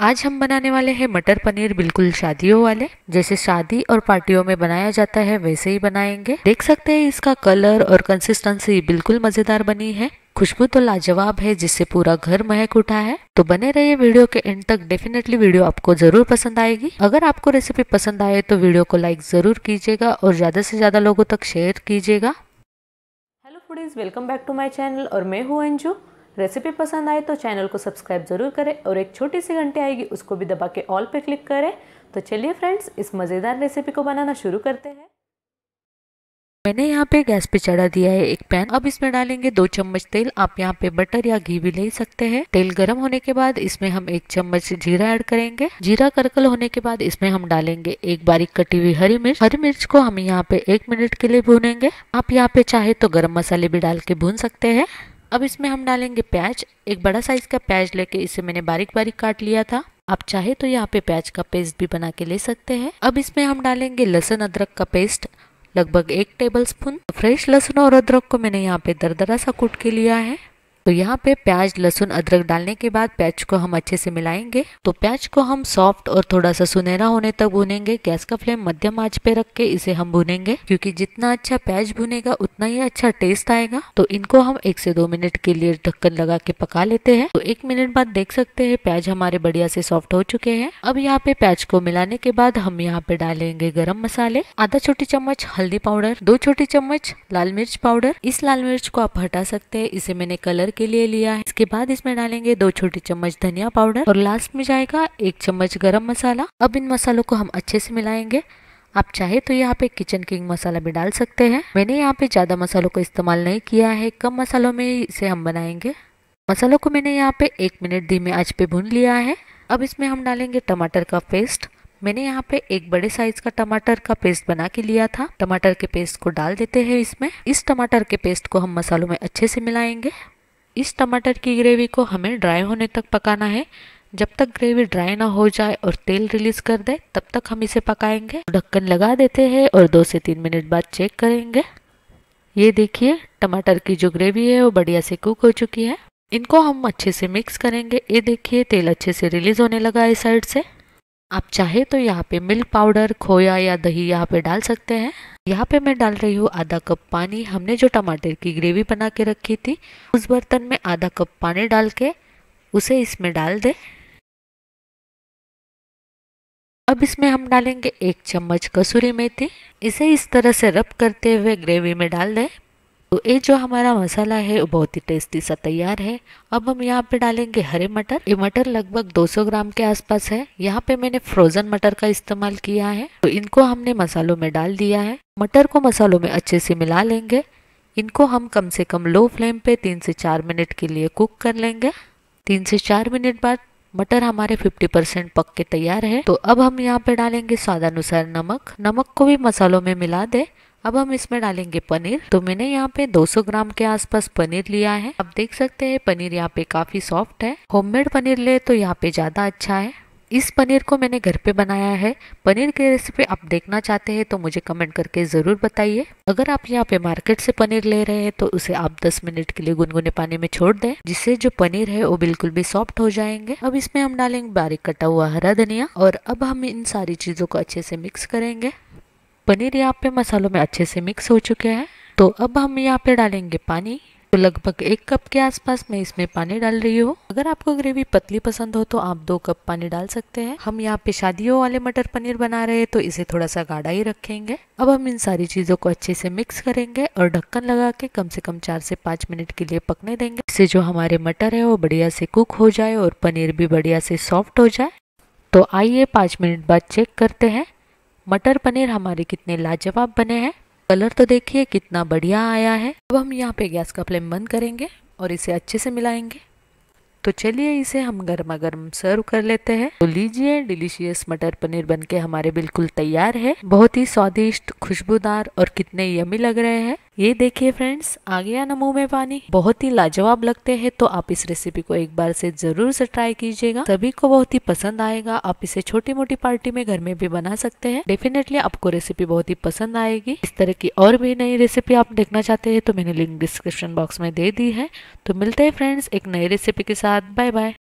आज हम बनाने वाले हैं मटर पनीर बिल्कुल शादियों वाले जैसे शादी और पार्टियों में बनाया जाता है वैसे ही बनाएंगे देख सकते हैं इसका कलर और कंसिस्टेंसी बिल्कुल मजेदार बनी है खुशबू तो लाजवाब है जिससे पूरा घर महक उठा है तो बने रहिए वीडियो के एंड तक डेफिनेटली वीडियो आपको जरूर पसंद आएगी अगर आपको रेसिपी पसंद आए तो वीडियो को लाइक जरूर कीजिएगा और ज्यादा से ज्यादा लोगों तक शेयर कीजिएगा hello foodies welcome back to my channel और मैं हूँ अंजू रेसिपी पसंद आए तो चैनल को सब्सक्राइब ज़रूर करें और एक छोटी सी घंटी आएगी उसको भी दबा के ऑल पे क्लिक करें तो चलिए फ्रेंड्स इस मज़ेदार रेसिपी को बनाना शुरू करते हैं मैंने यहाँ पे गैस पे चढ़ा दिया है एक पैन अब इसमें डालेंगे दो चम्मच तेल आप यहाँ पे बटर या घी भी ले सकते हैं तेल गर्म होने के बाद इसमें हम एक चम्मच जीरा ऐड करेंगे जीरा करकल होने के बाद इसमें हम डालेंगे एक बारीक कटी हुई हरी मिर्च हरी मिर्च को हम यहाँ पे एक मिनट के लिए भूनेंगे आप यहाँ पे चाहे तो गर्म मसाले भी डाल के भून सकते हैं अब इसमें हम डालेंगे प्याज एक बड़ा साइज का प्याज लेके इसे मैंने बारीक बारीक काट लिया था आप चाहे तो यहाँ पे प्याज का पेस्ट भी बना के ले सकते हैं अब इसमें हम डालेंगे लहसुन अदरक का पेस्ट लगभग एक टेबल स्पून फ्रेश लहसुन और अदरक को मैंने यहाँ पे दरदरा सा कूट के लिया है तो यहाँ पे प्याज लहसुन अदरक डालने के बाद प्याज को हम अच्छे से मिलाएंगे तो प्याज को हम सॉफ्ट और थोड़ा सा सुनहरा होने तक भुनेंगे गैस का फ्लेम मध्यम आंच पे रख के इसे हम भुनेंगे क्योंकि जितना अच्छा प्याज भुनेगा उतना ही अच्छा टेस्ट आएगा तो इनको हम एक से दो मिनट के लिए ढक्कन लगा के पका लेते हैं तो एक मिनट बाद देख सकते हैं प्याज हमारे बढ़िया से सॉफ्ट हो चुके हैं अब यहाँ पे प्याज को मिलाने के बाद हम यहाँ पे डालेंगे गर्म मसाले आधा छोटी चम्मच हल्दी पाउडर दो छोटी चम्मच लाल मिर्च पाउडर इस लाल मिर्च को आप हटा सकते हैं इसे मैंने कलर के लिए लिया है इसके बाद इसमें डालेंगे दो छोटी चम्मच धनिया पाउडर और लास्ट में जाएगा एक चम्मच गरम मसाला अब इन मसालों को हम अच्छे से मिलाएंगे आप चाहे तो यहाँ पे किचन किंग मसाला भी डाल सकते हैं मैंने यहाँ पे ज़्यादा मसालों का इस्तेमाल नहीं किया है कम मसालों में इसे हम बनाएंगे मसालों को मैंने यहाँ पे एक मिनट धीमे आंच पे भून लिया है अब इसमें हम डालेंगे टमाटर का पेस्ट मैंने यहाँ पे एक बड़े साइज का टमाटर का पेस्ट बना के लिया था टमाटर के पेस्ट को डाल देते हैं इसमें इस टमाटर के पेस्ट को हम मसालों में अच्छे से मिलाएंगे इस टमाटर की ग्रेवी को हमें ड्राई होने तक पकाना है जब तक ग्रेवी ड्राई ना हो जाए और तेल रिलीज कर दे तब तक हम इसे पकाएंगे ढक्कन लगा देते हैं और दो से तीन मिनट बाद चेक करेंगे ये देखिए टमाटर की जो ग्रेवी है वो बढ़िया से कुक हो चुकी है इनको हम अच्छे से मिक्स करेंगे ये देखिए तेल अच्छे से रिलीज होने लगा है साइड से आप चाहे तो यहाँ पे मिल्क पाउडर खोया या दही यहाँ पे डाल सकते हैं यहाँ पे मैं डाल रही हूँ आधा कप पानी हमने जो टमाटर की ग्रेवी बना के रखी थी उस बर्तन में आधा कप पानी डाल के उसे इसमें डाल दें अब इसमें हम डालेंगे एक चम्मच कसूरी मेथी इसे इस तरह से रब करते हुए ग्रेवी में डाल दें तो ये जो हमारा मसाला है वो बहुत ही टेस्टी सा तैयार है अब हम यहाँ पे डालेंगे हरे मटर ये मटर लगभग 200 ग्राम के आसपास है यहाँ पे मैंने फ्रोजन मटर का इस्तेमाल किया है तो इनको हमने मसालों में डाल दिया है मटर को मसालों में अच्छे से मिला लेंगे इनको हम कम से कम लो फ्लेम पे तीन से चार मिनट के लिए कुक कर लेंगे तीन से चार मिनट बाद मटर हमारे 50 परसेंट पक के तैयार है तो अब हम यहाँ पे डालेंगे स्वादानुसार नमक नमक को भी मसालों में मिला दे अब हम इसमें डालेंगे पनीर तो मैंने यहाँ पे 200 ग्राम के आसपास पनीर लिया है आप देख सकते हैं पनीर यहाँ पे काफी सॉफ्ट है होममेड पनीर ले तो यहाँ पे ज्यादा अच्छा है इस पनीर को मैंने घर पे बनाया है पनीर की रेसिपी आप देखना चाहते हैं तो मुझे कमेंट करके ज़रूर बताइए अगर आप यहाँ पे मार्केट से पनीर ले रहे हैं तो उसे आप 10 मिनट के लिए गुनगुने पानी में छोड़ दें जिससे जो पनीर है वो बिल्कुल भी सॉफ्ट हो जाएंगे अब इसमें हम डालेंगे बारीक कटा हुआ हरा धनिया और अब हम इन सारी चीज़ों को अच्छे से मिक्स करेंगे पनीर यहाँ पे मसालों में अच्छे से मिक्स हो चुके हैं तो अब हम यहाँ पे डालेंगे पानी तो लगभग एक कप के आसपास मैं इसमें पानी डाल रही हूँ अगर आपको ग्रेवी पतली पसंद हो तो आप दो कप पानी डाल सकते हैं हम यहाँ पे शादियों वाले मटर पनीर बना रहे हैं तो इसे थोड़ा सा गाढ़ा ही रखेंगे अब हम इन सारी चीज़ों को अच्छे से मिक्स करेंगे और ढक्कन लगा के कम से कम चार से पाँच मिनट के लिए पकने देंगे इससे जो हमारे मटर है वो बढ़िया से कुक हो जाए और पनीर भी बढ़िया से सॉफ्ट हो जाए तो आइए पाँच मिनट बाद चेक करते हैं मटर पनीर हमारे कितने लाजवाब बने हैं कलर तो देखिए कितना बढ़िया आया है अब हम यहाँ पे गैस का फ्लेम बंद करेंगे और इसे अच्छे से मिलाएंगे तो चलिए इसे हम गर्मा गर्म सर्व कर लेते हैं तो लीजिए डिलीशियस मटर पनीर बनके हमारे बिल्कुल तैयार है बहुत ही स्वादिष्ट खुशबूदार और कितने यमी लग रहे हैं ये देखिए फ्रेंड्स आ गया ना मुंह में पानी बहुत ही लाजवाब लगते हैं तो आप इस रेसिपी को एक बार से जरूर से ट्राई कीजिएगा सभी को बहुत ही पसंद आएगा आप इसे छोटी मोटी पार्टी में घर में भी बना सकते हैं डेफिनेटली आपको रेसिपी बहुत ही पसंद आएगी इस तरह की और भी नई रेसिपी आप देखना चाहते हैं तो मैंने लिंक डिस्क्रिप्शन बॉक्स में दे दी है तो मिलते हैं फ्रेंड्स एक नई रेसिपी के साथ बाय बाय